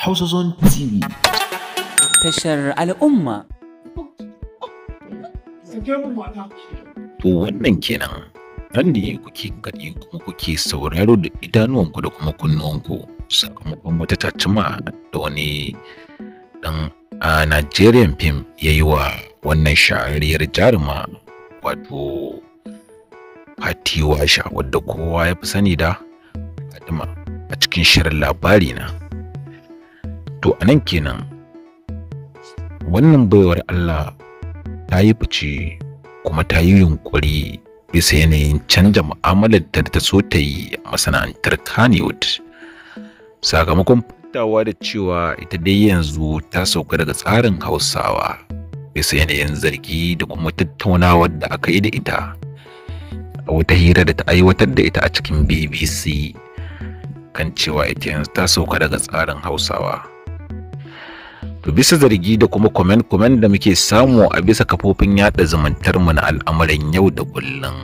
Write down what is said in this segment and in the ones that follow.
Hausa TV. Tashar al'umma. To wannan kenan. Nan ne kuke gani kuma kuke sauraro da idanuwanku da kuma kunnuwanku sakamakon wata tacima da wani dan a Nigerian film ya yi wa wannan shahararriyar jaruma wato Fatiwa Sha wadda kowa ya fi sani da a cikin shirin labari na. to anan kenan wannan baiwar Allah ta yi fice kuma ta yi yunƙuri bisa yanayin canja mu'amalar da ta so ta yi a masana'antar Kannywood sakamakon fitawa da cewa ita dai yanzu ta sauka daga tsarin Hausawa bisa yanayin zargi da kuma tattaunawar da aka yi da ita a wata hira da ta aiwatar da ita a cikin BBC kan cewa ita yanzu ta sauka daga tsarin Hausawa to bisa zargi da kuma comment-comment da muke samu a bisa kafofin yada zumuntar mu na al'amuran yau da kullum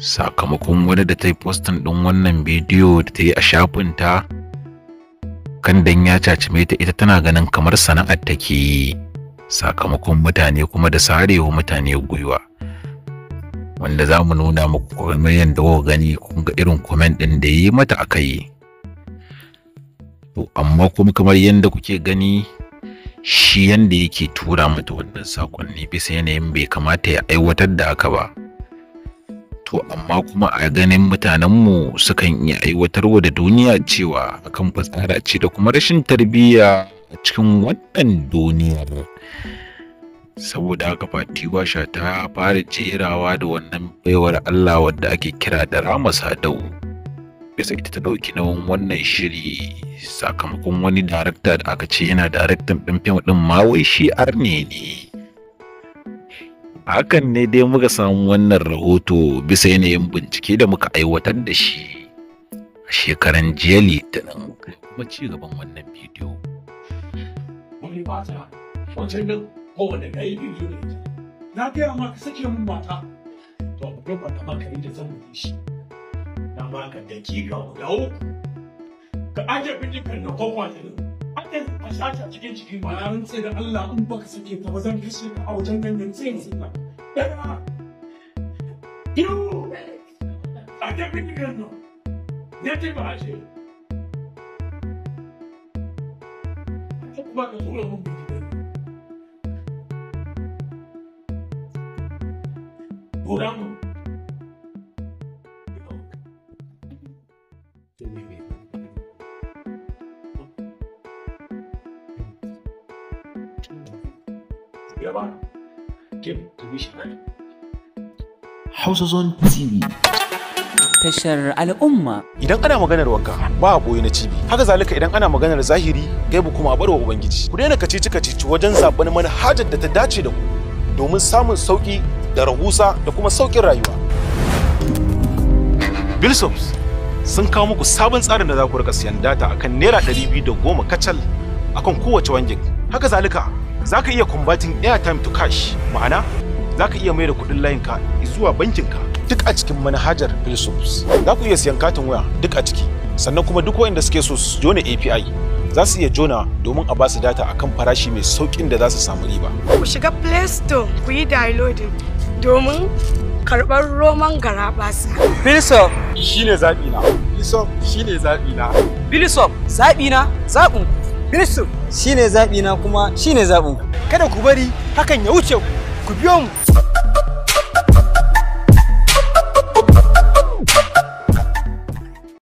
sakamakon wani da ta yi postin ɗin wannan bidiyo da ta yi a shafinta kan dan ya cacime ta ita tana ganin kamar sana'ar take yi sakamakon mutane kuma da sarewa mutane gwiwa wanda za mu nuna muku kamar yadda kuka gani kun ga irin comment ɗin da ya yi mata a kai to amma kuma kamar yadda kuke gani shi yadda yake tura mata wannan sakonni bisa yanayin bai kamata ya aiwatar da haka ba to amma kuma a ganin mutanenmu sukan iya aiwatarwa da duniya cewa akan fasara ce da kuma rashin tarbiyya a cikin wannan duniyar saboda haka fati washa ta fara jerawa da wannan baiwar Allah wadda ake kira da Rama Sadau. bisa ita ta ɗauki nauyin wannan shiri sakamakon wani darakta da aka ce yana daraktan ɗin fim ɗin ma wai shi arne ne hakan ne dai muka samu wannan rahoto bisa yanayin bincike da muka aiwatar da shi a shekaran jiya litinin kuma ci gaban wannan bidiyo na gaya ma ka sake mun mata to a kwanta ma ka yi da zan shi an baka dakika guda uku ka aje bidikan da kwakwatin hakan a shata cikin ciki ba na rantse da Allah in baka sake ta ba zan kashe ka a wajen gangan sai sai ba dara yau aje bidikan nan ne ta ba ce kuma ka tura mun bidikan Buramu. Graba. Hausa Zone TV. Tashar al'umma. Idan ana maganar wanka ba a boye na cibi. Haka zalika idan ana maganar zahiri gaibu kuma a barwa Ubangiji. Ku daina kacici kacici wajen zaɓar manhajar da ta dace da ku domin samun sauƙi da rahusa da kuma sauƙin rayuwa. Bilsoms sun kawo muku sabon tsarin da za ku rika siyan data akan naira ɗari biyu da goma kacal akan kowace wangin. Haka zalika za ka iya kumbatin airtime to cash ma'ana za ka iya maida kuɗin layinka zuwa bankinka duk a cikin manhajar philosophes za ku iya siyan katin waya duk a ciki sannan kuma duk wanda suke so su jona api za su iya jona domin a basu data akan farashi mai saukin da za su samu riba ku shiga play store ku yi downloading domin karɓar roman gara basa. Bilisop shine zaɓina. Bilisop shine zaɓina. Bilisop zaɓina zaɓinku. Kristo shine zaɓi na kuma shine zaɓin ku. Kada ku bari hakan ya wuce ku biyo mu.